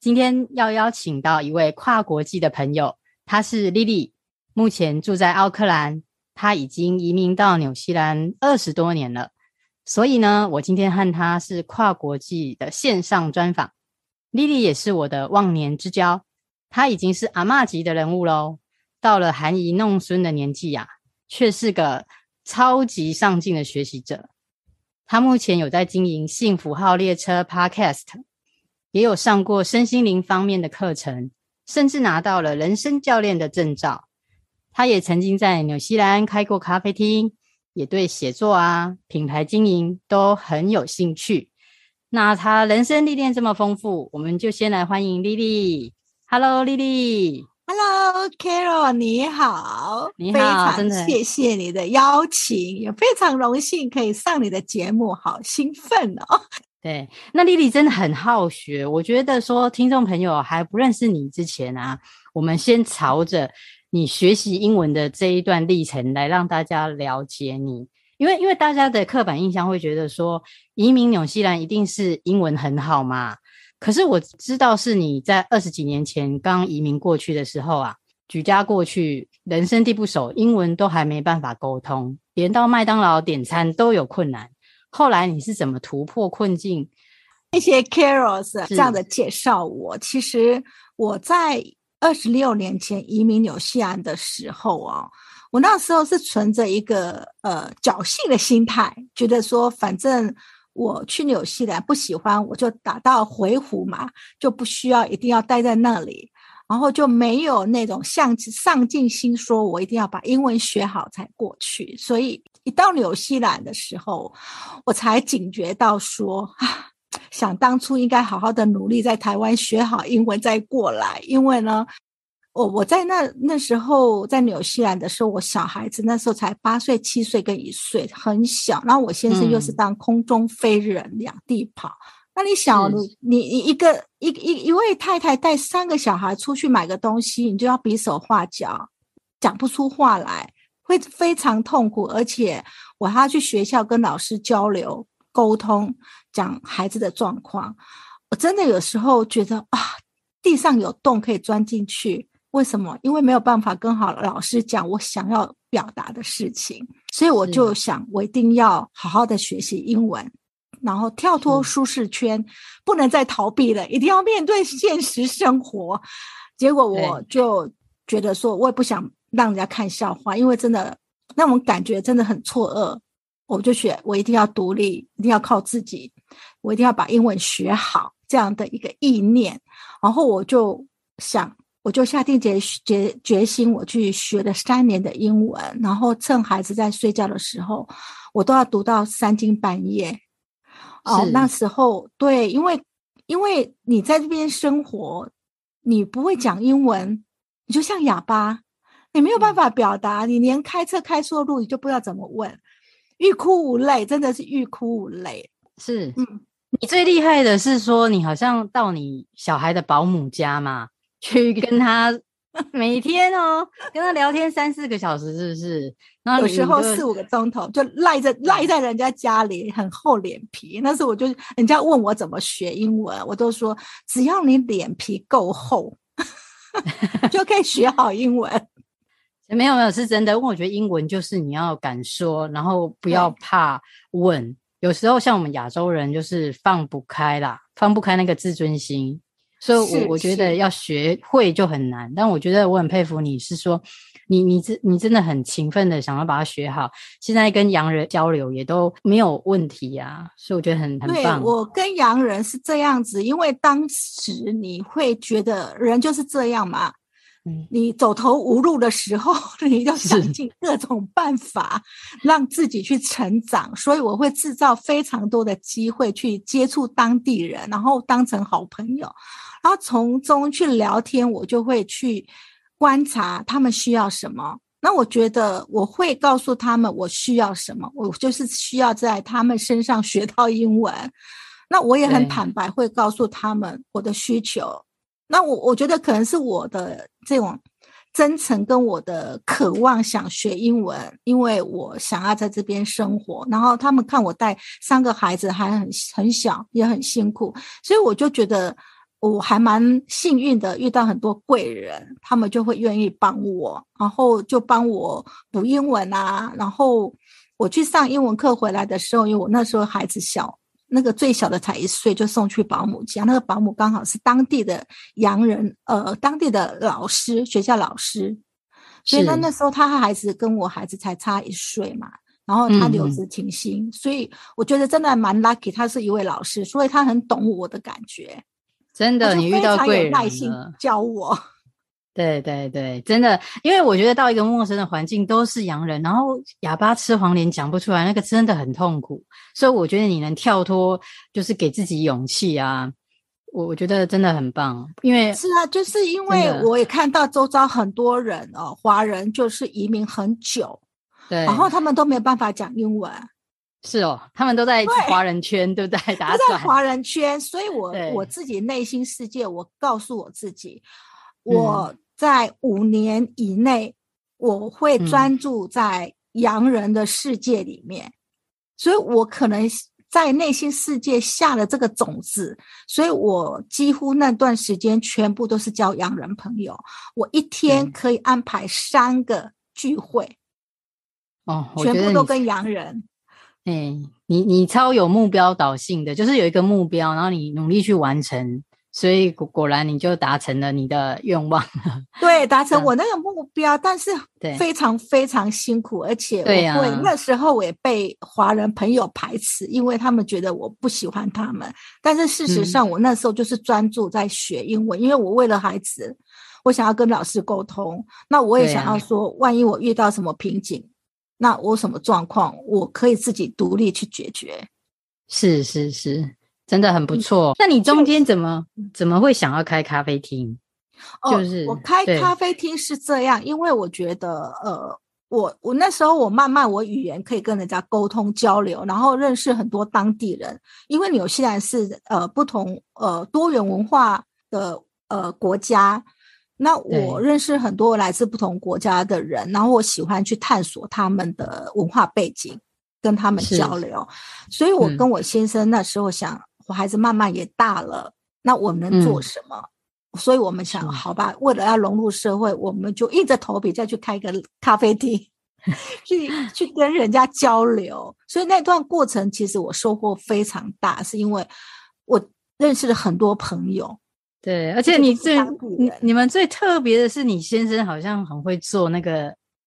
今天要邀請到一位跨國際的朋友，她是 Lily，目前住在奧克蘭，她已經移民到紐西蘭二十多年了。所以呢，我今天和她是跨國際的線上專訪。Lily 也是我的忘年之交，她已經是阿嬤級的人物嘍。到了含飴弄孫的年紀呀、啊，卻是個超級上進的學習者。她目前有在經營幸福號列車 Podcast。也有上過身心靈方面的課程，甚至拿到了人生教練的證照。她也曾經在紐西蘭開過咖啡廳，也對寫作啊、品牌經營都很有興趣。那她人生歷練這麼豐富，我們就先來歡迎 Lily。Hello，Lily。Hello，Carol，你好，你好。非常謝謝你的邀請，也非常榮幸可以上你的節目，好興奮哦。對，那莉莉真的很好學。我覺得說，聽眾朋友還不認識你之前啊，我們先朝着你學習英文的這一段歷程來讓大家了解你，因為因為大家的刻板印象會覺得說，移民紐西蘭一定是英文很好嘛。可是我知道是你在二十幾年前剛移民過去的時候啊，舉家過去，人生地不熟，英文都還沒辦法溝通，連到麥當勞點餐都有困難。後來你是怎麼突破困境？那些 Carols 這樣的介紹我，我其實我在二十六年前移民紐西蘭的時候啊、哦，我那時候是存着一個呃僥倖的心態，覺得說反正我去紐西蘭不喜歡，我就打道回府嘛，就不需要一定要待在那裡。然後就沒有那種像上上進心，說我一定要把英文學好才過去。所以一到紐西蘭的時候，我才警覺到說，啊，想當初應該好好的努力在台灣學好英文再過來。因為呢，我我在那那時候在紐西蘭的時候，我小孩子那時候才八歲、七歲跟一歲，很小。然後我先生又是當空中飛人，兩、嗯、地跑。那你想，你你一個一一一位太太帶三個小孩出去買個東西，你就要比手畫腳，講不出話來，會非常痛苦。而且我還要去學校跟老師交流溝通，講孩子的狀況。我真的有時候覺得啊，地上有洞可以鑽進去。為什麼？因為沒有辦法跟好老師講我想要表達的事情，所以我就想，我一定要好好的學習英文。然後跳脫舒適圈、嗯，不能再逃避了，一定要面對現實生活。嗯、結果我就覺得說，我也不想讓人家看笑話，因為真的那種感覺真的很錯愕。我就學，我一定要獨立，一定要靠自己，我一定要把英文學好這樣的一個意念。然後我就想，我就下定決決決心，我去學了三年的英文。然後趁孩子在睡覺的時候，我都要讀到三更半夜。哦，那時候對，因為因為你在這邊生活，你不會講英文，嗯，你就像啞巴，你沒有辦法表達，嗯，你連開車開錯路，你就不知道怎麼問，欲哭無淚，真的是欲哭無淚。是，嗯，你最厲害的是說，你好像到你小孩的保姆家嘛，去跟他，嗯。 每天哦，跟他聊天三四個小時，是不是？然後，有有時候四五個鐘頭就賴在賴在人家家裡，很厚臉皮。那時候我就，人家問我怎麼學英文，我都說只要你臉皮夠厚， 就可以學好英文。 沒有沒有，是真的。因為我覺得英文就是你要敢說，然後不要怕問。有時候像我們亞洲人就是放不開啦，放不開那個自尊心。所以，我我覺得要學會就很難，但我覺得我很佩服你，是說你你真你，你真的很勤奮的想要把它學好。現在跟洋人交流也都沒有問題啊，所以我覺得很，對，很棒。我跟洋人是這樣子，因為當時你會覺得人就是這樣嘛，嗯，你走投無路的時候， 你就要想盡各種辦法讓自己去成長，所以我會制造非常多的機會去接觸當地人，然後當成好朋友。然後從中去聊天，我就會去觀察他們需要什麼。那我覺得我會告訴他們我需要什麼，我就是需要在他們身上學到英文。那我也很坦白，會告訴他們我的需求。嗯。那我我覺得可能是我的這種真誠跟我的渴望想學英文，因為我想要在這邊生活。然後他們看我帶三個孩子還很很小，也很辛苦，所以我就覺得。我還蠻幸運的，遇到很多貴人，他們就會願意幫我，然後就幫我補英文啊。然後我去上英文課回來的時候，因為我那時候孩子小，那個最小的才一歲，就送去保姆家，啊。那個保姆剛好是當地的洋人，呃，當地的老師，學校老師。所以他那，那時候他孩子跟我孩子才差一歲嘛，然後他留職停薪、嗯，所以我覺得真的還蠻 lucky。他是一位老師，所以他很懂我的感覺。真的，你遇到貴人耐心教我，對對對，真的，因為我覺得到一個陌生的環境都是洋人，然後啞巴吃黃連，講不出來，那個真的很痛苦。所以我覺得你能跳脫，就是給自己勇氣啊，我我覺得真的很棒。因為是啊，就是因為我也看到周遭很多人哦，華人就是移民很久，對，然後他們都沒有辦法講英文。是哦，他們都在華人圈，對，對不對？打轉，都在華人圈，所以我，我我自己內心世界，我告訴我自己，我在五年以內，嗯，我會專注在洋人的世界裡面，嗯。所以我可能在內心世界下了這個種子，所以我幾乎那段時間全部都是交洋人朋友。我一天可以安排三個聚會，嗯，哦，全部都跟洋人。哎、欸，你你超有目標導性的，就是有一個目標，然後你努力去完成，所以果果然你就達成了你的願望了。對，達成我那個目標、嗯，但是非常非常辛苦，而且我、啊、那時候我也被華人朋友排斥，因為他們覺得我不喜歡他們，但是事實上我那時候就是專注在學英文、嗯，因為我為了孩子，我想要跟老師溝通，那我也想要說，萬一我遇到什麼瓶頸。那我什麼狀況，我可以自己獨立去解決。是是是，真的很不錯、嗯。那你中間怎麼、就是、怎麼會想要開咖啡廳？哦、就是，我開咖啡廳是這樣，因為我覺得，呃，我我那時候我慢慢我語言可以跟人家溝通交流，然後認識很多當地人。因為紐西蘭是呃不同呃多元文化的呃國家。那我認識很多來自不同國家的人，然後我喜歡去探索他們的文化背景，跟他們交流。所以，我跟我先生那時候想，嗯、我孩子慢慢也大了，那我能做什麼、嗯？所以我們想，好吧，為了要融入社會，我們就硬着頭皮再去開個咖啡廳， 去去跟人家交流。所以那段過程，其實我收穫非常大，是因為我認識了很多朋友。對，而且你最你、就是、你們最特別的是，你先生好像很會做那個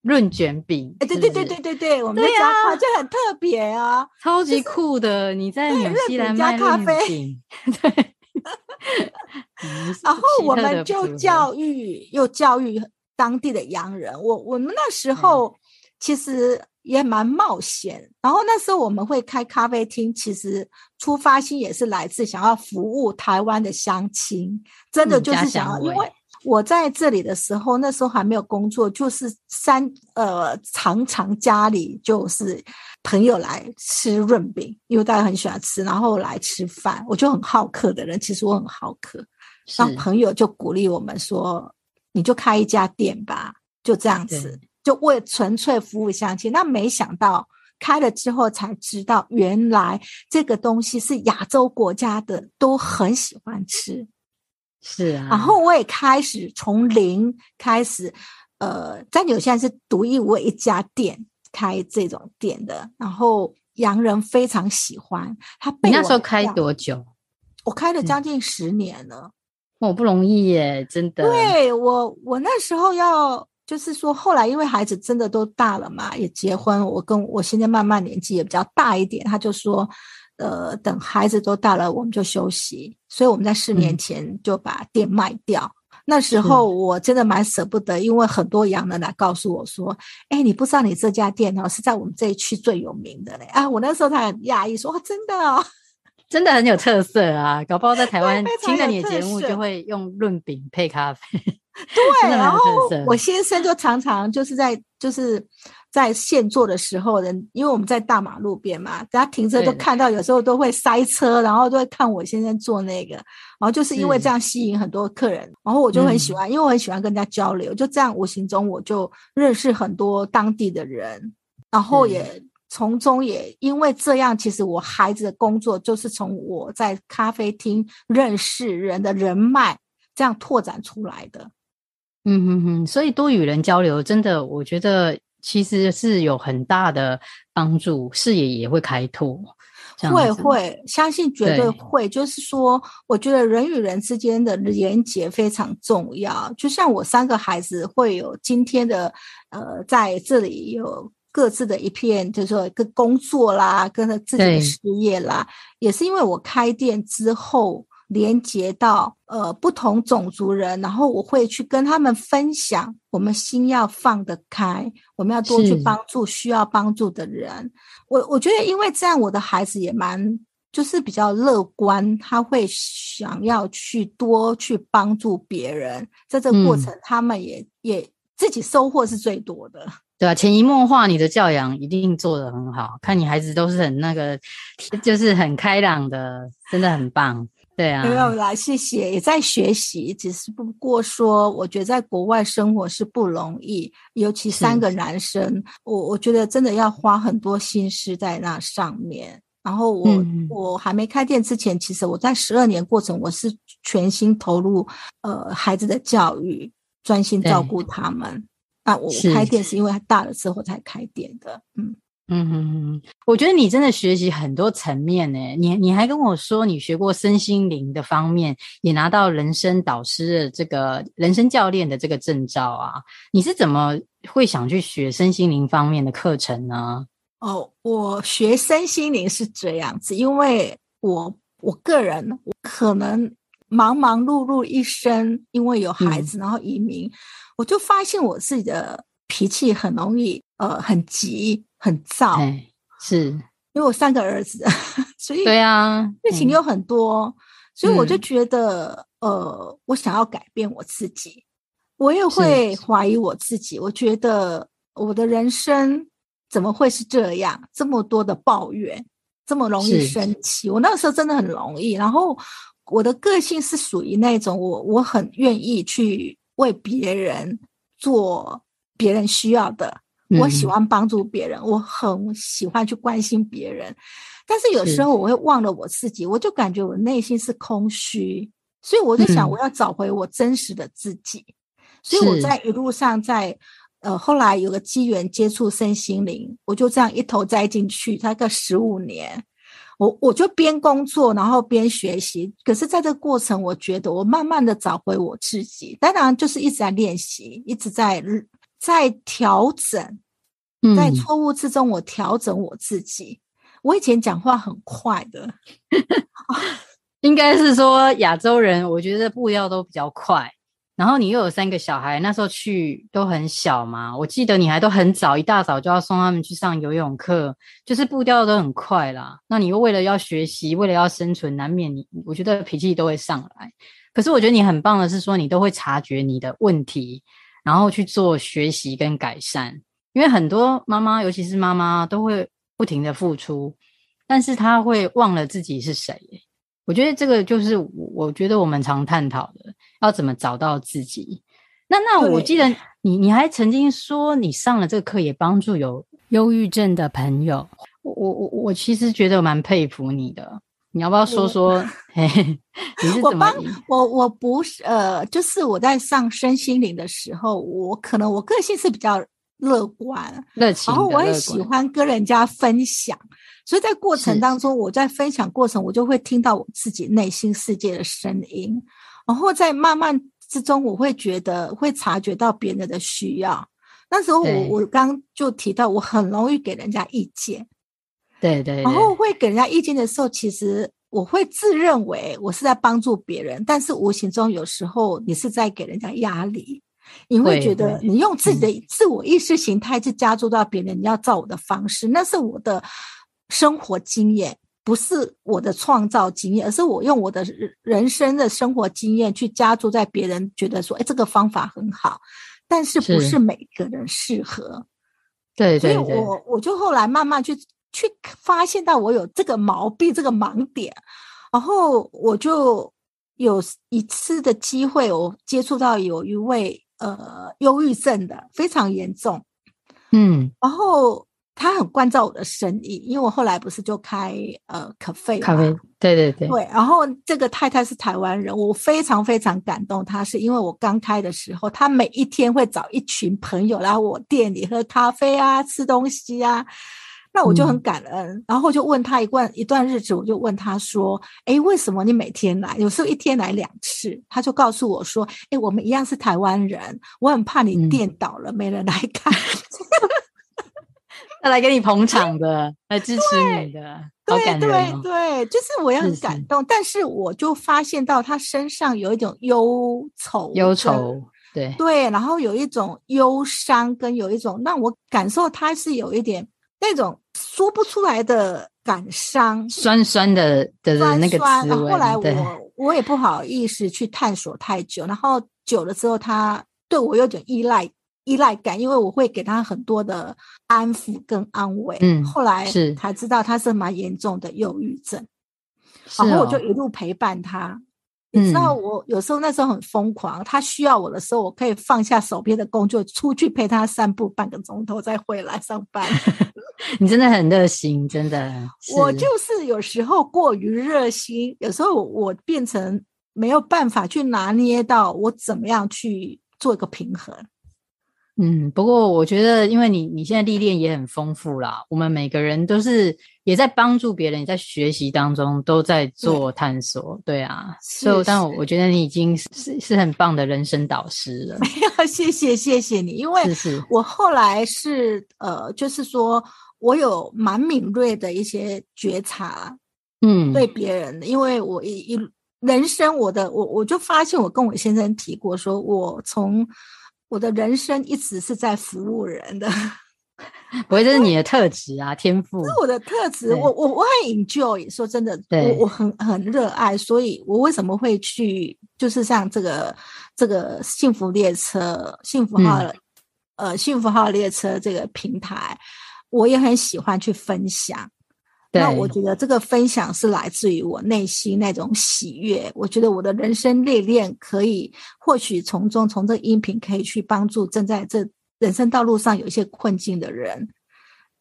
潤卷餅。哎，對對對對對對，是是對啊、我們對啊就很特別啊，超級酷的。就是、你在紐西蘭賣潤卷餅，對。潤餅加咖啡。 然後我們就教育 又教育當地的洋人，我我們那時候其實、嗯。也蠻冒險。然後那時候我們會開咖啡廳，其實出發心也是來自想要服務台灣的鄉親，真的就是想要想。因為我在這裡的時候，那時候還沒有工作，就是三呃，常常家裡就是朋友來吃潤餅，因為大家很喜歡吃，然後來吃飯，我就很好客的人。其實我很好客，然後朋友就鼓勵我們說：“你就開一家店吧，就這樣子。”就為純粹服務鄉親，那沒想到開了之後才知道，原來這個東西是亞洲國家的都很喜歡吃，是啊。然後我也開始從零開始，呃，在紐西蘭是獨一無二一家店開這種店的，然後洋人非常喜歡他。被你那時候開多久？我開了將近十年了，我、嗯哦、不容易耶，真的。對我，我那時候要。就是說，後來因為孩子真的都大了嘛，也結婚。我跟我現在慢慢年紀也比較大一點，他就說，呃，等孩子都大了，我們就休息。所以我們在四年前就把店賣掉。嗯、那時候我真的蠻捨不得、嗯，因為很多洋人來告訴我說，哎、嗯欸，你不知道你這家店哦、喔，是在我們這一區最有名的嘞。啊，我那時候才很訝異，說真的、喔，哦，真的很有特色啊，搞不好在台灣聽了你的節目就會用潤餅配咖啡。 對，然後我先生就常常就是在就是在現做的時候的，人因為我們在大馬路邊嘛，大家停車都看到，有時候都會塞車，然後都會看我先生做那個，然後就是因為這樣吸引很多客人，然後我就很喜歡、嗯，因為我很喜歡跟人家交流，就這樣無形中我就認識很多當地的人，然後也從中也因為這樣，其實我孩子的工作就是從我在咖啡廳認識人的人脈這樣拓展出來的。嗯哼哼，所以多與人交流，真的，我覺得其實是有很大的幫助，視野也會開拓。會會，相信絕對會。對就是說，我覺得人與人之間的連結非常重要。就像我三個孩子會有今天的，呃，在這裡有各自的一片，就是說，一個工作啦，跟他自己的事業啦，也是因為我開店之後。連接到呃，不同種族人，然後我會去跟他們分享，我們心要放得開，我們要多去幫助需要幫助的人。我我覺得，因為這樣，我的孩子也蠻就是比較樂觀，他會想要去多去幫助別人。在這個過程，他們也、嗯、也自己收穫是最多的。對啊，潛移默化，你的教養一定做得很好，看你孩子都是很那個，就是很開朗的，真的很棒。 對啊，沒有啦，謝謝，也在學習，只是不過說，我覺得在國外生活是不容易，尤其三個男生，我我覺得真的要花很多心思在那上面。然後我、嗯、我還沒開店之前，其實我在十二年過程我是全心投入，呃孩子的教育，專心照顧他們。那我開店是因為他大了之後才開店的，嗯。嗯哼哼，我覺得你真的學習很多層面呢、欸。你你還跟我說你學過身心靈的方面，也拿到人生導師的這個人生教練的這個證照啊。你是怎麼會想去學身心靈方面的課程呢？哦，我學身心靈是這樣子，因為我我個人我可能忙忙碌碌一生，因為有孩子，嗯，然後移民，我就發現我自己的脾氣很容易呃很急。很燥，欸、是因為我三個兒子，所以對啊，事情又很多、欸，所以我就覺得、嗯，呃，我想要改變我自己，我也會懷疑我自己。我覺得我的人生怎麼會是這樣？這麼多的抱怨，這麼容易生氣，我那時候真的很容易。然後我的個性是屬於那種我我很願意去為別人做別人需要的。我喜歡幫助別人，嗯，我很喜歡去關心別人，但是有時候我會忘了我自己，我就感覺我內心是空虛，所以我在想我要找回我真實的自己，嗯，所以我在一路上在，呃，後來有個機緣接觸身心靈，我就這樣一頭栽進去，大概十五年，我我就邊工作然後邊學習，可是在這個過程，我覺得我慢慢的找回我自己，當然就是一直在練習，一直在。在調整，在錯誤之中，我調整我自己。嗯。我以前講話很快的， 應該是說亞洲人，我覺得步調都比較快。然後你又有三個小孩，那時候去都很小嘛，我記得你還都很早，一大早就要送他們去上游泳課，就是步調都很快啦。那你又為了要學習，為了要生存，難免你我覺得脾氣都會上來。可是我覺得你很棒的是說，你都會察覺你的問題。然後去做學習跟改善，因為很多媽媽，尤其是媽媽，都會不停的付出，但是她會忘了自己是誰。我覺得這個就是我，我覺得我們常探討的，要怎麼找到自己。那那我記得你，你，你還曾經說你上了這個課也幫助有憂鬱症的朋友。我我我我其實覺得蠻佩服你的。你要不要說說？我幫 我幫我，我不是呃，就是我在上身心靈的時候，我可能我個性是比較樂觀，然後我很喜歡跟人家分享，所以在過程當中，我在分享過程，我就會聽到我自己內心世界的聲音，然後在慢慢之中，我會覺得會察覺到別人的需要。那時候我我剛就提到，我很容易給人家意見。對對，對，然後會給人家意見的時候，其實我會自認為我是在幫助別人，但是無形中有時候你是在給人家壓力。你會覺得你用自己的自我意識形態去加注到別人，對對去加注到別人嗯、你要照我的方式，那是我的生活經驗，不是我的創造經驗，而是我用我的人生的生活經驗去加注在別人，覺得說，哎，這個方法很好，但是不是每個人適合。對對，所以我我就後來慢慢去。去發現到我有這個毛病、這個盲點，然後我就有一次的機會，我接觸到有一位呃憂鬱症的非常嚴重，嗯，然後他很關照我的生意，因為我後來不是就開呃咖啡嘛咖啡，對對對，對，然後這個太太是台灣人，我非常非常感動，她是因為我剛開的時候，她每一天會找一群朋友來我店裡喝咖啡啊、吃東西啊。那我就很感恩，嗯，然後就問他一段一段日子，我就問他說：“誒，為什麼你每天來？有時候一天來兩次。”他就告訴我說：“誒，我們一樣是台灣人，我很怕你電倒了、嗯、沒人來看， 來給你捧場的，來支持你的。對、哦、對對，就是我也很感動是是。但是我就發現到他身上有一種憂愁，憂愁，對對，然後有一種憂傷，跟有一種讓我感受他是有一點。”那種說不出來的感傷，酸酸的的那個滋味，然後後來我我也不好意思去探索太久，然後久了之後，他對我有點依賴依賴感，因為我會給他很多的安撫跟安慰。嗯，後來才知道他是蠻嚴重的憂鬱症。哦，然後我就一路陪伴他。你知道我有時候那時候很瘋狂，他需要我的時候，我可以放下手邊的工作，出去陪他散步半個鐘頭，再回來上班。 你真的很熱心，真的，是。我就是有時候過於熱心，有時候我變成沒有辦法去拿捏到我怎麼樣去做一個平衡。嗯，不過我覺得，因為你你現在歷練也很豐富啦。我們每個人都是也在幫助別人，也在學習當中，都在做探索，嗯、對啊。所以，So, 但我我覺得你已經是是很棒的人生導師了。沒、哎、有，謝謝，謝謝你。因為我後來是呃，就是說我有蠻敏銳的一些覺察，嗯，對別人的、嗯，因為我一一人生我的我我就發現，我跟我先生提過說，說我從。我的人生一直是在服務人的，不會，這是你的特質啊，天賦。這是我的特質，我我我很 enjoy，說真的，我我很很熱愛，所以我為什麼會去，就是像這個這個幸福列車、幸福號的、嗯，呃，幸福號列車這個平台，我也很喜歡去分享。那我覺得這個分享是來自於我內心那種喜悅。我覺得我的人生歷練，練可以，或許從中從這音頻可以去幫助正在這人生道路上有一些困境的人。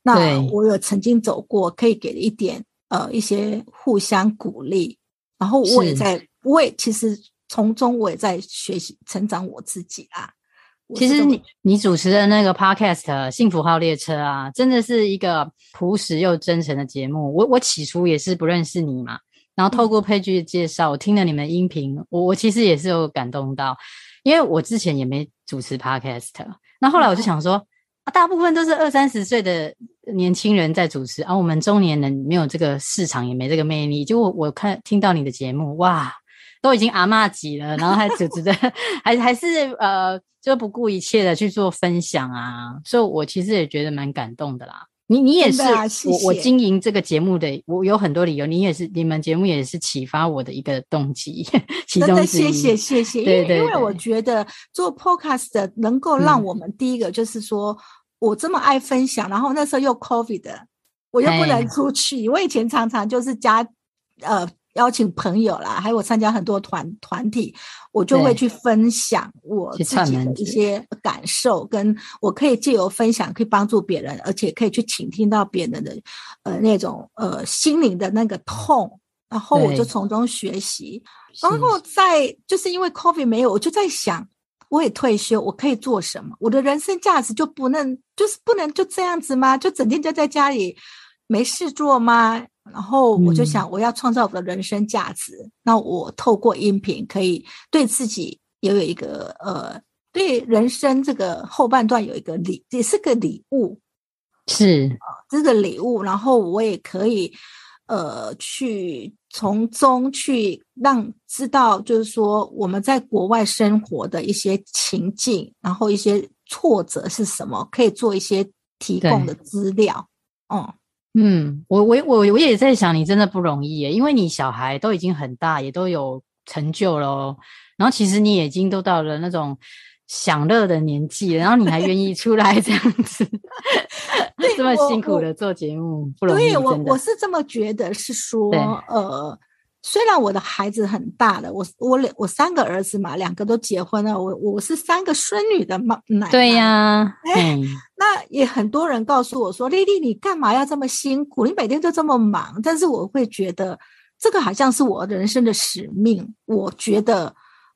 那我有曾經走過，可以給一點呃一些互相鼓勵。然後我也在，我也其實從中我也在學習成長我自己啦、啊。其實你你主持的那個 Podcast《幸福號列車》啊，真的是一個樸實又真誠的節目。我我起初也是不認識你嘛，然後透過配劇介紹，我聽了你們的音頻，我我其實也是有感動到，因為我之前也沒主持 Podcast。那後，後來我就想說，嗯，啊，大部分都是二三十歲的年輕人在主持，而，啊、我們中年人沒有這個市場，也沒這個魅力。就我，我看聽到你的節目，哇！都已經阿嬤級了，然後還就值得，還 還是呃，就不顧一切的去做分享啊！所以，我其實也覺得蠻感動的啦。你你也是，啊、謝謝，我我經營這個節目的，我有很多理由。你也是，你們節目也是啟發我的一個動機， 其中之一，真的謝謝謝謝，謝謝。對對對，因為因為我覺得做 podcast 能夠讓我們第一個就是說、嗯、我這麼愛分享，然後那時候又 covid，我又不能出去。我以前常常就是加，呃。邀請朋友啦，還有我參加很多團團體，我就會去分享我自己的一些感受，跟我可以借由分享，可以幫助別人，而且可以去傾聽到別人的，呃，那種呃心靈的那個痛，然後我就從中學習。然後在就是因為 coffee 沒有，我就在想，我也退休，我可以做什麼？我的人生價值就不能就是不能就這樣子嗎？就整天就在家裡沒事做嗎？然後我就想，我要創造我的人生價值。嗯。那我透過音頻，可以對自己也有一個呃，對人生這個後半段有一個禮，也是個禮物，是，呃，這個禮物。然後我也可以呃，去從中去讓知道，就是說我們在國外生活的一些情境，然後一些挫折是什麼，可以做一些提供的資料，嗯。嗯，我我我我也在想，你真的不容易，因為你小孩都已經很大，也都有成就了，然後其實你已經都到了那種享樂的年紀，然後你還願意出來這樣子 對， 這麼辛苦的做節目不容易。對，我我是這麼覺得，是說，呃。雖然我的孩子很大了，我我兩我三個兒子嘛，兩個都結婚了，我我是三個孫女的媽奶奶。對呀、啊欸嗯，那也很多人告訴我說：“麗麗， 你幹嘛要這麼辛苦？你每天都這麼忙？”但是我會覺得，這個好像是我人生的使命。我覺得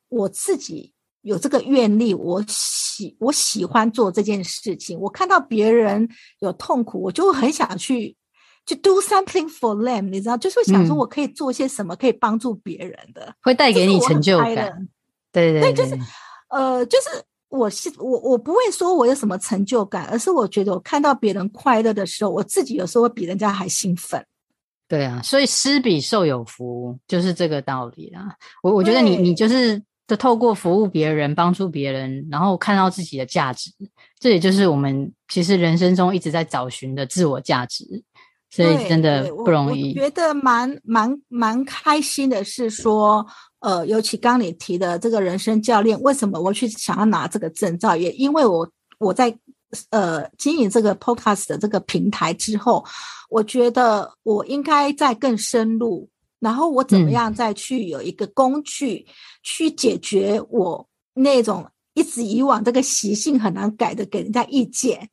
我自己有這個願力，我喜我喜歡做這件事情。我看到別人有痛苦，我就很想去。To do something for them，你知道，就是會想說，我可以做些什麼可以幫助別人的，嗯、會帶給你成就感，對對對。就是，呃，就是我我我不會說我有什麼成就感，而是我覺得我看到別人快樂的時候，我自己有時候比人家還興奮。對啊，所以施比受有福，就是這個道理啦。我我覺得你你就是就透過服務別人、幫助別人，然後看到自己的價值，這也就是我們其實人生中一直在找尋的自我價值。所以真的不容易對對。我我覺得蠻蠻蠻，蠻開心的是說，呃，尤其剛你提的這個人生教練，為什麼我去想要拿這個證照？也因為我我在呃經營這個 podcast 的這個平台之後，我覺得我應該再更深入，然後我怎麼樣再去有一個工具去解決我那種一直以往這個習性很難改的給人家意見。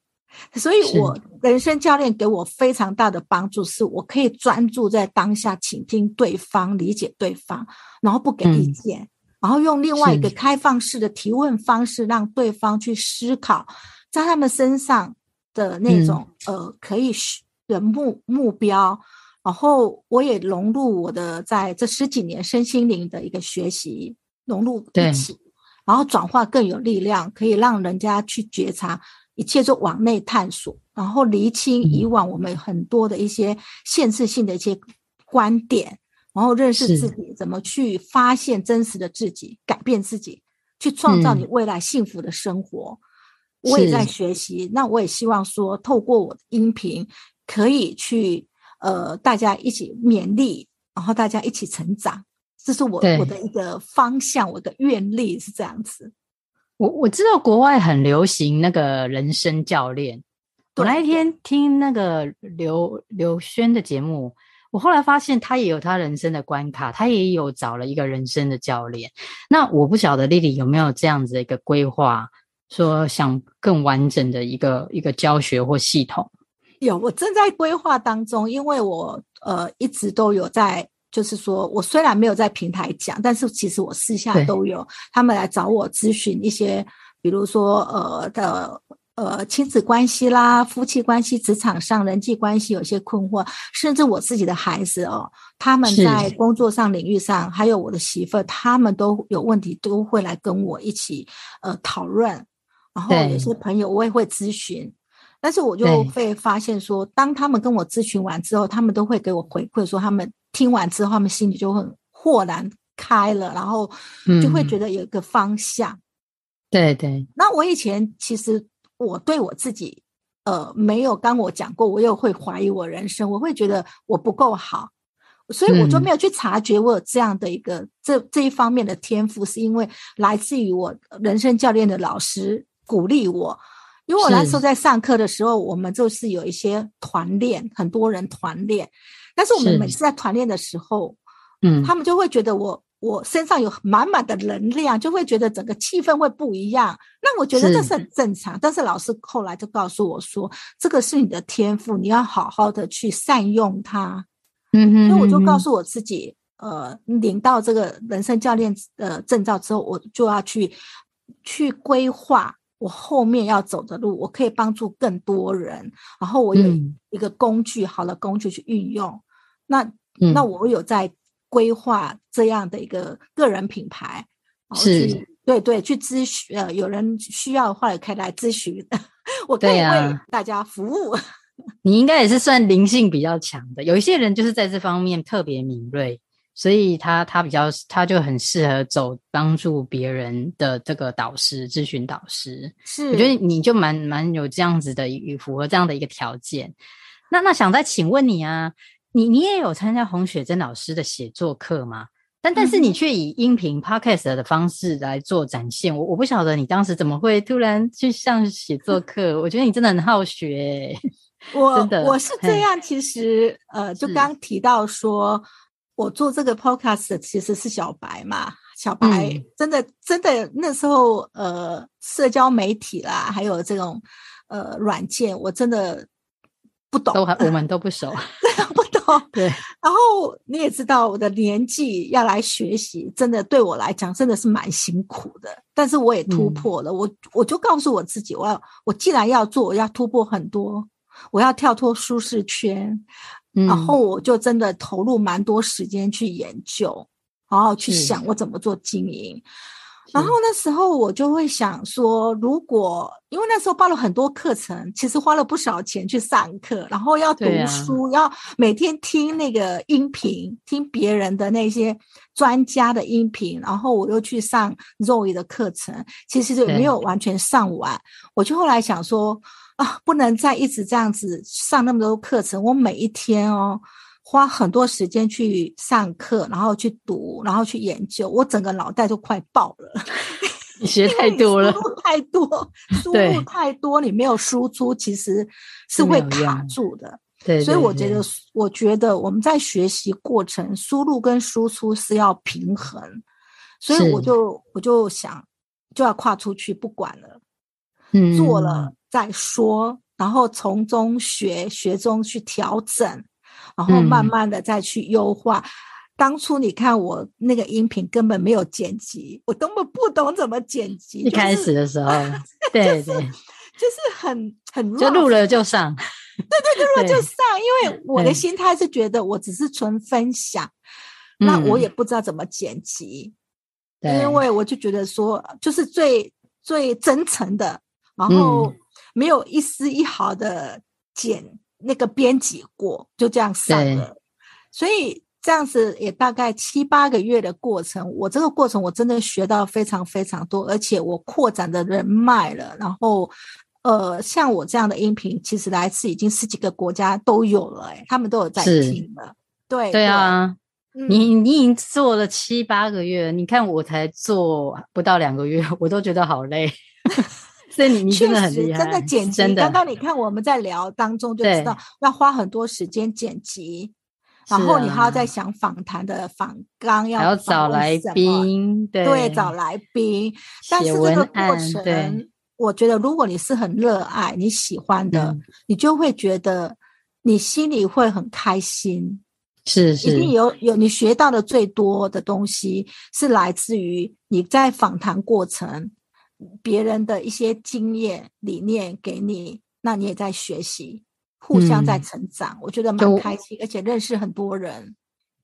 所以我，我人生教練給我非常大的幫助，是我可以專注在當下，傾聽對方，理解對方，然後不給意見，嗯、然後用另外一個開放式的提問方式，讓對方去思考，在他們身上的那種、嗯、呃可以的目目標，然後我也融入我的在這十幾年身心靈的一個學習融入一起，然後轉化更有力量，可以讓人家去覺察。一切就往內探索，然後釐清以往我們很多的一些限制性的一些觀點，嗯、然後認識自己，怎麼去發現真實的自己，改變自己，去創造你未來幸福的生活。嗯、我也在學習，那我也希望說，透過我的音頻，可以去呃大家一起勉勵，然後大家一起成長，這是我我的一個方向，我的願力是這樣子。我我知道國外很流行那個人生教練，我那一天聽那個劉劉軒的節目，我後來發現他也有他人生的關卡，他也有找了一個人生的教練。那我不曉得 Lily 有沒有這樣子的一個規劃，說想更完整的一個一個教學或系統。有，我正在規劃當中，因為我呃一直都有在。就是說，我雖然沒有在平台講，但是其實我私下都有他們來找我諮詢一些，比如說呃的呃親子關係啦、夫妻關係、職場上人際關係有些困惑，甚至我自己的孩子哦，他們在工作上領域上，還有我的媳婦，他們都有問題，都會來跟我一起呃討論。然後有些朋友我也會諮詢，但是我就會發現說，當他們跟我諮詢完之後，他們都會給我回饋說他們。聽完之後，他們心裡就很豁然開朗，然後就會覺得有一個方向。嗯、對對，那我以前其實我對我自己，呃，沒有跟我講過，我又會懷疑我人生，我會覺得我不夠好，所以我就沒有去察覺我有這樣的一個、嗯、這這一方面的天賦，是因為來自於我人生教練的老師鼓勵我，因為我那時候在上課的時候，我們就是有一些團練，很多人團練。但是我們每次在團練的時候，嗯，他們就會覺得我、嗯、我身上有滿滿的能量，就會覺得整個氣氛會不一樣。那我覺得這是很正常。但是老師後來就告訴我說，這個是你的天賦，你要好好的去善用它。嗯哼，嗯哼，那我就告訴我自己，呃，領到這個人生教練的證照之後，我就要去去規劃。我後面要走的路，我可以幫助更多人。然後我有一個工具，嗯、好的工具去運用。那、嗯、那我有在規劃這樣的一個個人品牌。是，哦、對，對對，去諮詢呃，有人需要的話也可以來諮詢， 我可以為大家服務。啊、 你應該也是算靈性比較強的，有一些人就是在這方面特別敏銳。所以他、他比較他就很適合走幫助別人的這個導師諮詢導師，是我覺得你就蠻蠻有這樣子的與符合這樣的一個條件。那、那想再請問你啊，你、你也有參加洪雪珍老師的寫作課嗎？但、但是你卻以音頻 podcast 的方式來做展現，我、我不曉得你當時怎麼會突然去上寫作課。我覺得你真的很好學。我、我是這樣，其實呃，就剛提到說。我做這個 podcast 的其實是小白嘛，小白真的，嗯、真的，真的那時候呃，社交媒體啦，還有這種呃軟件，我真的不懂，都還呃、我們都不熟，呃、真的不懂。 對，然後你也知道我的年紀，要來學習，真的對我來講真的是蠻辛苦的，但是我也突破了。嗯、我我就告訴我自己，我要我既然要做，我要突破很多，我要跳脫舒適圈。然後我就真的投入蠻多時間去研究，然、嗯、後去想我怎麼做經營。然後那時候我就會想說，如果因為那時候報了很多課程，其實花了不少錢去上課，然後要讀書，啊、要每天聽那個音頻，聽別人的那些專家的音頻，然後我又去上 Zoe 的課程，其實就沒有完全上完。我就後來想說，啊，不能再一直這樣子上那麼多課程。我每一天哦，花很多時間去上課，然後去讀，然後去研究，我整個腦袋都快爆了。你學太多了，太 多輸入太多，輸入太多，你沒有輸出，其實是會卡住的。對，對，對，所以我覺得，我覺得我們在學習過程，輸入跟輸出是要平衡。所以我就我就想，就要跨出去，不管了，嗯，做了。再說，然後從中學學中去調整，然後慢慢的再去優化、嗯。當初你看我那個音頻根本沒有剪輯，我根本不懂怎麼剪輯。一開始的時候，就是、對,對對，就是、就是、很很、Rush、就錄了, 了就上。對對對，錄了就上，因為我的心態是覺得我只是純分享，那我也不知道怎麼剪輯，因為我就覺得說，就是最最真誠的，然後。嗯沒有一絲一毫的剪那個編輯過，就這樣散了。所以這樣子也大概七八個月的過程，我這個過程我真的學到非常非常多，而且我擴展的人脈了。然後，呃，像我這樣的音頻，其實來自已經十幾個國家都有了，欸，他們都有在聽了。對對啊，嗯，你你已經做了七八個月，你看我才做不到兩個月，我都覺得好累。 你確實，真的剪輯真的。剛剛你看我們在聊當中就知道，要花很多時間剪輯，然後你還要在想訪談的、啊、訪綱，要找來賓，對，對找來賓。但是這個過程，我覺得如果你是很熱愛你喜歡的、嗯，你就會覺得你心裡會很開心。是是，一定有有你學到的最多的東西是來自於你在訪談過程。別人的一些經驗、理念給你，那你也在學習，互相在成長，嗯、我覺得蠻開心，而且認識很多人。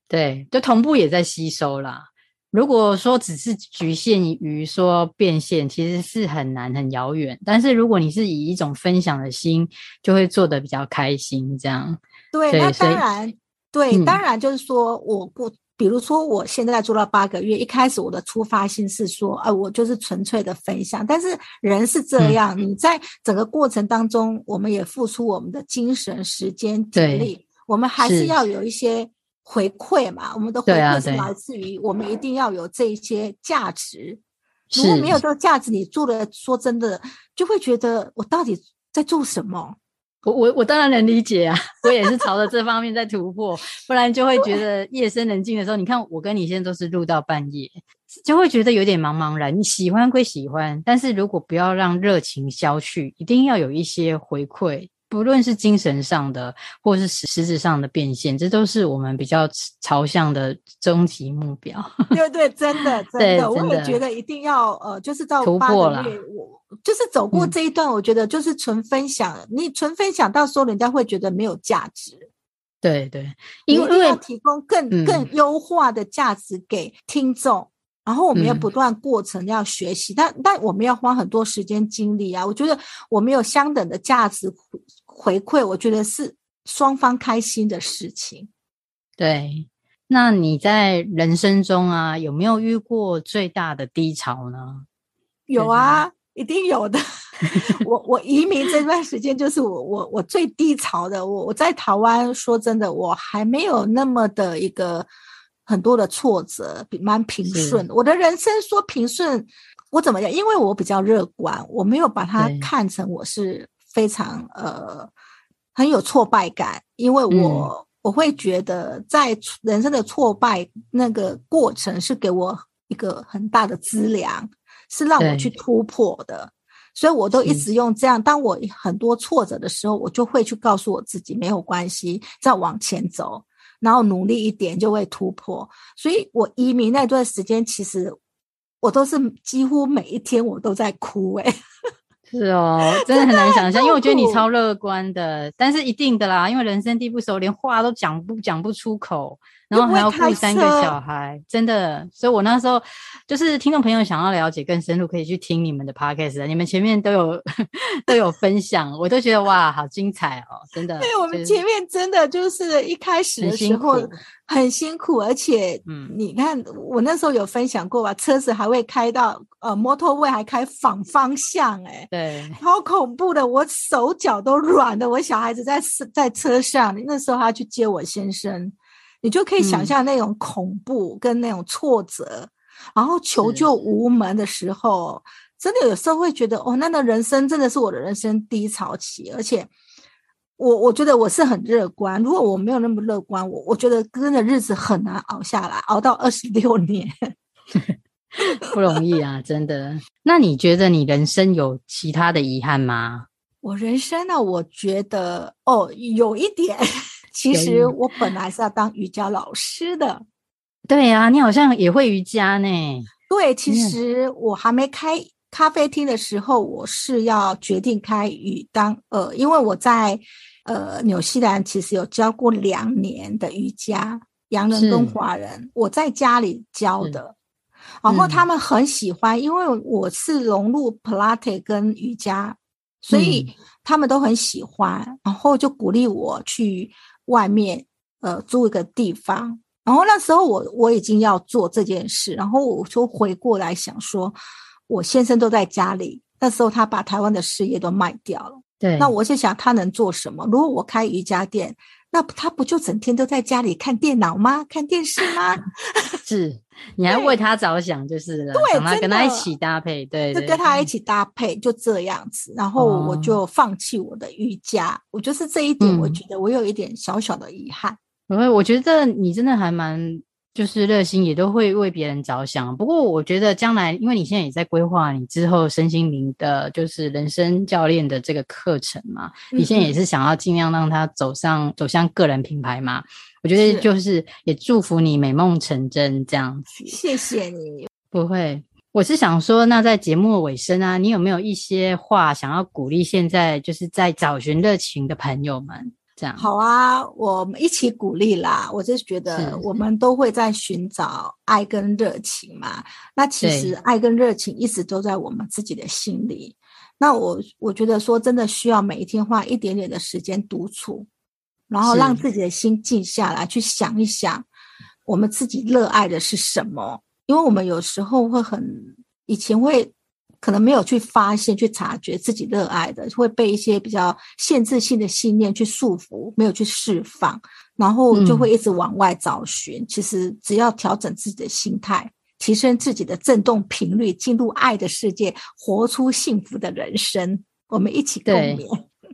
對，就同步也在吸收啦。如果說只是局限於說變現，其實是很難、很遙遠。但是如果你是以一種分享的心，就會做得比較開心。這樣對，那當然對、嗯，當然就是說我不。比如說，我現在做了八個月，一開始我的出發心是說，啊、呃，我就是純粹的分享。但是人是這樣，嗯、你在整個過程當中、嗯，我們也付出我們的精神、時間、精力，我們還是要有一些回饋嘛。我們的回饋是來自於我們一定要有這一些價值、啊。如果沒有這個價值，你做了，說真的，就會覺得我到底在做什麼？我我我當然能理解啊，我也是朝着這方面在突破， 不然就會覺得夜深人靜的時候，你看我跟你現在都是錄到半夜，就會覺得有點茫茫然。你喜歡歸喜歡，但是如果不要讓熱情消去，一定要有一些回饋。不論是精神上的，或是實質上的變現，這都是我們比較朝向的終極目標， 對不對？真的,真的，真的，我也覺得一定要呃，就是到八個月，我就是走過這一段，我覺得就是純分享，嗯、你純分享到時候人家會覺得沒有價值，對,對對，因為要提供更、嗯、更優化的價值給聽眾。然後我們要不斷，過程要學習，嗯、但但我們要花很多時間精力啊！我覺得我們有相等的價值回饋，我覺得是雙方開心的事情。對，那你在人生中啊，有沒有遇過最大的低潮呢？有啊，一定有的。 我我移民這段時間就是我我我最低潮的。我我在台灣說真的，我還沒有那麼的一個。很多的挫折，蠻平順。我的人生說平順，我怎麼樣？因為我比較樂觀，我沒有把它看成我是非常呃、很有挫敗感。因為我、嗯、我會覺得，在人生的挫敗那個過程是給我一個很大的資糧，是讓我去突破的。所以我都一直用這樣。當我很多挫折的時候，我就會去告訴我自己沒有關係，再往前走。然後努力一點就會突破，所以我移民那段時間，其實我都是幾乎每一天我都在哭。哎、欸，是哦， 真的很難想象因為我覺得你超樂觀的。但是一定的啦，因為人生地不熟，連話都講不講不出口。然後還要顧三個小孩，真的，所以，我那時候就是聽眾朋友想要了解更深入，可以去聽你們的 podcast 的。你們前面都有 都有分享，我都覺得哇， 好精彩哦，真的。對、欸就是、我們前面真的就是一開始的時候很辛苦，很辛苦，而且，嗯，你看我那時候有分享過吧、啊嗯，車子還會開到呃，motorway 還開反方向、欸，誒。對，好恐怖的，我手腳都軟的，我小孩子在在車上，那時候他要去接我先生。你就可以想象那種恐怖跟那種挫折，嗯、然後求救無門的時候，真的有時候會覺得，哦，那的人生真的是我的人生低潮期。而且我，我我覺得我是很樂觀。如果我沒有那麼樂觀，我我覺得真的日子很難熬下來，熬到二十六年不容易啊，真的。 那你覺得你人生有其他的遺憾嗎？我人生呢、啊，我覺得哦，有一點。其實我本來是要當瑜伽老師的。對啊，你好像也會瑜伽呢？對，其實我還沒開咖啡廳的時候，我是要決定開瑜，當呃，因為我在呃紐西蘭其實有教過兩年的瑜伽，洋人跟華人，我在家裡教的，然後他們很喜歡，因為我是融入普拉提跟瑜伽，所以他們都很喜歡，然後就鼓勵我去。外面，呃，租一個地方。然後那時候我我已經要做這件事，然後我就回過來想說，我先生都在家裡。那時候他把台灣的事業都賣掉了，對。那我就想他能做什麼？如果我開瑜伽店。那他不就整天都在家裡看電腦嗎？看電視嗎？ 是，你還為他着想就是了，讓他跟他一起搭配，對，對對對，就跟他一起搭配就這樣子。然後我就放棄我的瑜伽，哦，我就是這一點，我覺得我有一點小小的遺憾。因、嗯、為我覺得你真的還蠻。就是熱心，也都會為別人着想。不過，我覺得將來，因為你現在也在規劃你之後身心靈的，就是人生教練的這個課程嘛、嗯，你現在也是想要尽量讓他走上走向個人品牌嘛？我覺得就是也祝福你美夢成真這樣子。謝謝你，不會，我是想說，那在節目尾聲啊，你有沒有一些話想要鼓勵現在就是在找尋熱情的朋友們？好啊，我們一起鼓勵啦！我就覺得我們都會在尋找愛跟熱情嘛。那其實愛跟熱情一直都在我們自己的心裡。那我我覺得說真的需要每一天花一點點的時間獨處，然後讓自己的心靜下來，去想一想我們自己熱愛的是什麼。因為我們有時候會很，以前會。可能沒有去發現、去察覺自己熱愛的，會被一些比較限制性的信念去束縛，沒有去釋放，然後就會一直往外找尋。嗯，其實只要調整自己的心態，提升自己的振動頻率，進入愛的世界，活出幸福的人生。我們一起共勉。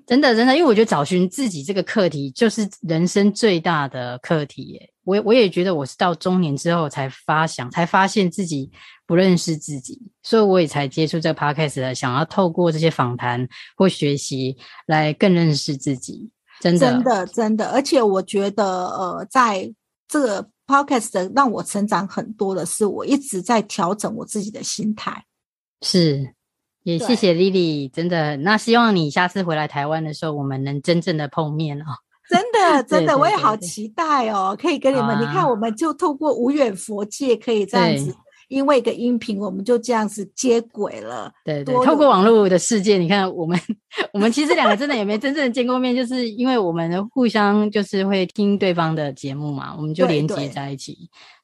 真的，真的，因為我覺得找尋自己這個課題就是人生最大的課題。我我也覺得我是到中年之後才發想，才發現自己。不認識自己，所以我也才接觸這個 podcast 的，想要透過這些訪談或學習來更認識自己。真的，真的，真的。而且我覺得，呃，在這個 podcast 的讓我成長很多的是，我一直在調整我自己的心態。是，也謝謝 l y 真的。那希望你下次回來台灣的時候，我們能真正的碰面哦、喔。真的，真的， 對對對對對我也好期待哦、喔，可以跟你們。啊、你看，我們就透過無遠佛界，可以這樣子。因為一個音頻，我們就這樣子接軌了。對對，對，透過網絡的世界，你看我們，我們其實兩個真的也沒真正的見過面， 就是因為我們互相就是會聽對方的節目嘛，我們就連接在一起，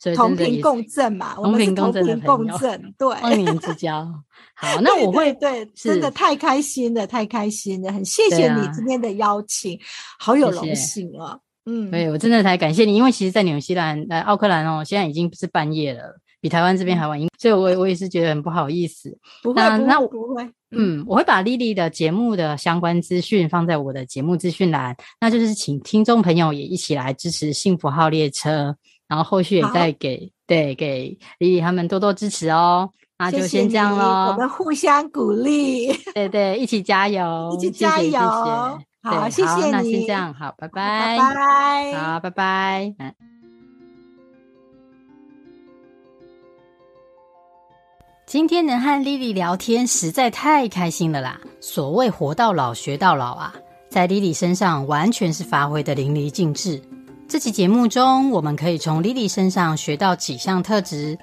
對對對，所以同頻共振嘛，我們同頻共振的同共振對，忘年之交。 好，那我會對、對、對，真的太開心了，太開心了，很謝謝你今天的邀請，啊、好有榮幸哦，謝謝。嗯，對我真的太感謝你，因為其實在，在紐西蘭，呃，奧克蘭哦，現在已經不是半夜了。比台灣這邊還晚，所以我，我我也是覺得很不好意思。不會，那，不會，那我，不會，嗯，我會把 Lily 的節目的相關資訊放在我的節目資訊欄，那就是請聽眾朋友也一起來支持幸福號列車，然後後續也再給好好對給 Lily 他們多多支持哦、喔。那就先這樣咯。我們互相鼓勵，對，對對，一起加油， 一起加油，謝謝，謝謝，好，好，謝謝那先這樣，好，拜拜，拜拜，好，拜拜。今天能和 Lily 聊天，實在太開心了啦！所謂“活到老，學到老”啊，在 Lily 身上完全是發揮得淋漓盡致。這期節目中，我們可以從 Lily 身上學到幾項特質，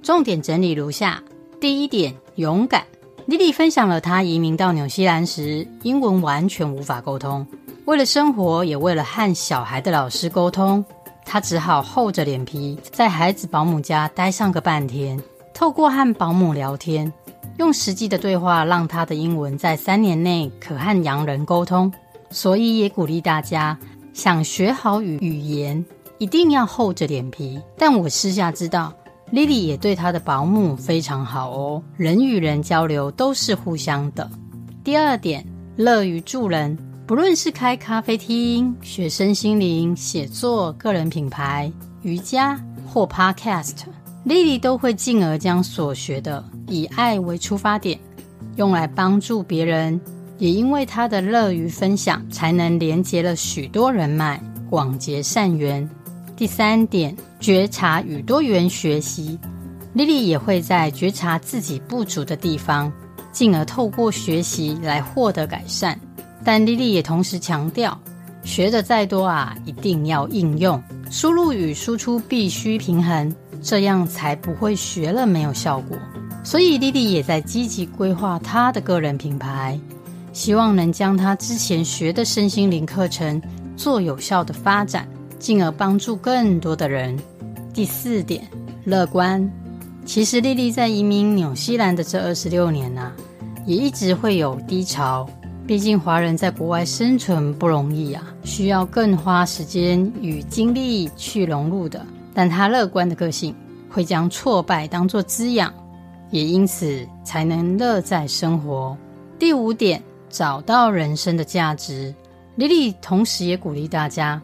重點整理如下：第一點，勇敢。Lily 分享了她移民到紐西蘭時，英文完全無法溝通，為了生活，也為了和小孩的老師溝通，她只好厚着臉皮在孩子保姆家待上個半天。透過和保姆聊天，用實際的對話，讓她的英文在三年內可和洋人溝通。所以也鼓勵大家，想學好語語言，一定要厚着臉皮。但我私下知道，Lily 也對她的保姆非常好哦。人與人交流都是互相的。第二點，樂於助人，不論是開咖啡廳、學身心靈、寫作、個人品牌、瑜伽或 Podcast。莉莉都會進而將所學的以愛為出發點，用來幫助別人，也因為她的樂於分享，才能連接了許多人脈，廣結善緣。第三點，覺察與多元學習，莉莉也會在覺察自己不足的地方，進而透過學習來獲得改善。但莉莉也同時強調，學得再多啊，一定要應用，輸入與輸出必須平衡。這樣才不會學了沒有效果，所以莉莉也在積極規劃她的個人品牌，希望能將她之前學的身心靈課程做有效的發展，進而幫助更多的人。第四點，樂觀。其實莉莉在移民紐西蘭的這二十六年吶、啊，也一直會有低潮，畢竟華人在國外生存不容易啊，需要更花時間與精力去融入的。但她樂觀的個性會將挫敗當作滋養，也因此才能樂在生活。第五點，找到人生的價值。莉莉同時也鼓勵大家，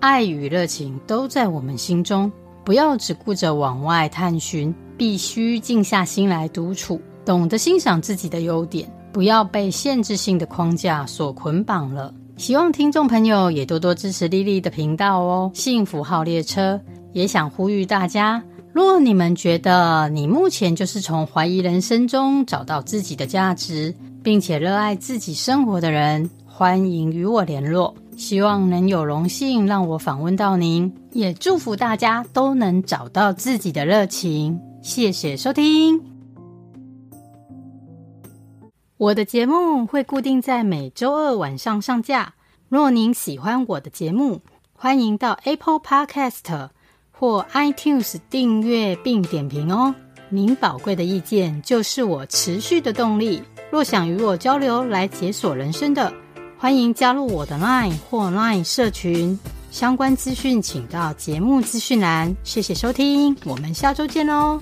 愛與熱情都在我們心中，不要只顧着往外探尋，必須靜下心來獨處，懂得欣賞自己的優點，不要被限制性的框架所捆綁了。希望聽眾朋友也多多支持莉莉的頻道哦，《幸福號列車》。也想呼籲大家，若你們覺得你目前就是從懷疑人生中找到自己的價值，並且熱愛自己生活的人，歡迎與我聯絡。希望能有榮幸讓我訪問到您，也祝福大家都能找到自己的熱情。謝謝收聽。我的節目會固定在每周二晚上上架。若您喜歡我的節目，歡迎到 Apple Podcast。或 iTunes 訂閱並點評哦，您寶貴的意見就是我持續的動力。若想與我交流來解鎖人生的，歡迎加入我的 LINE 或 LINE 社群，相關資訊請到節目資訊欄。謝謝收聽，我們下周見哦。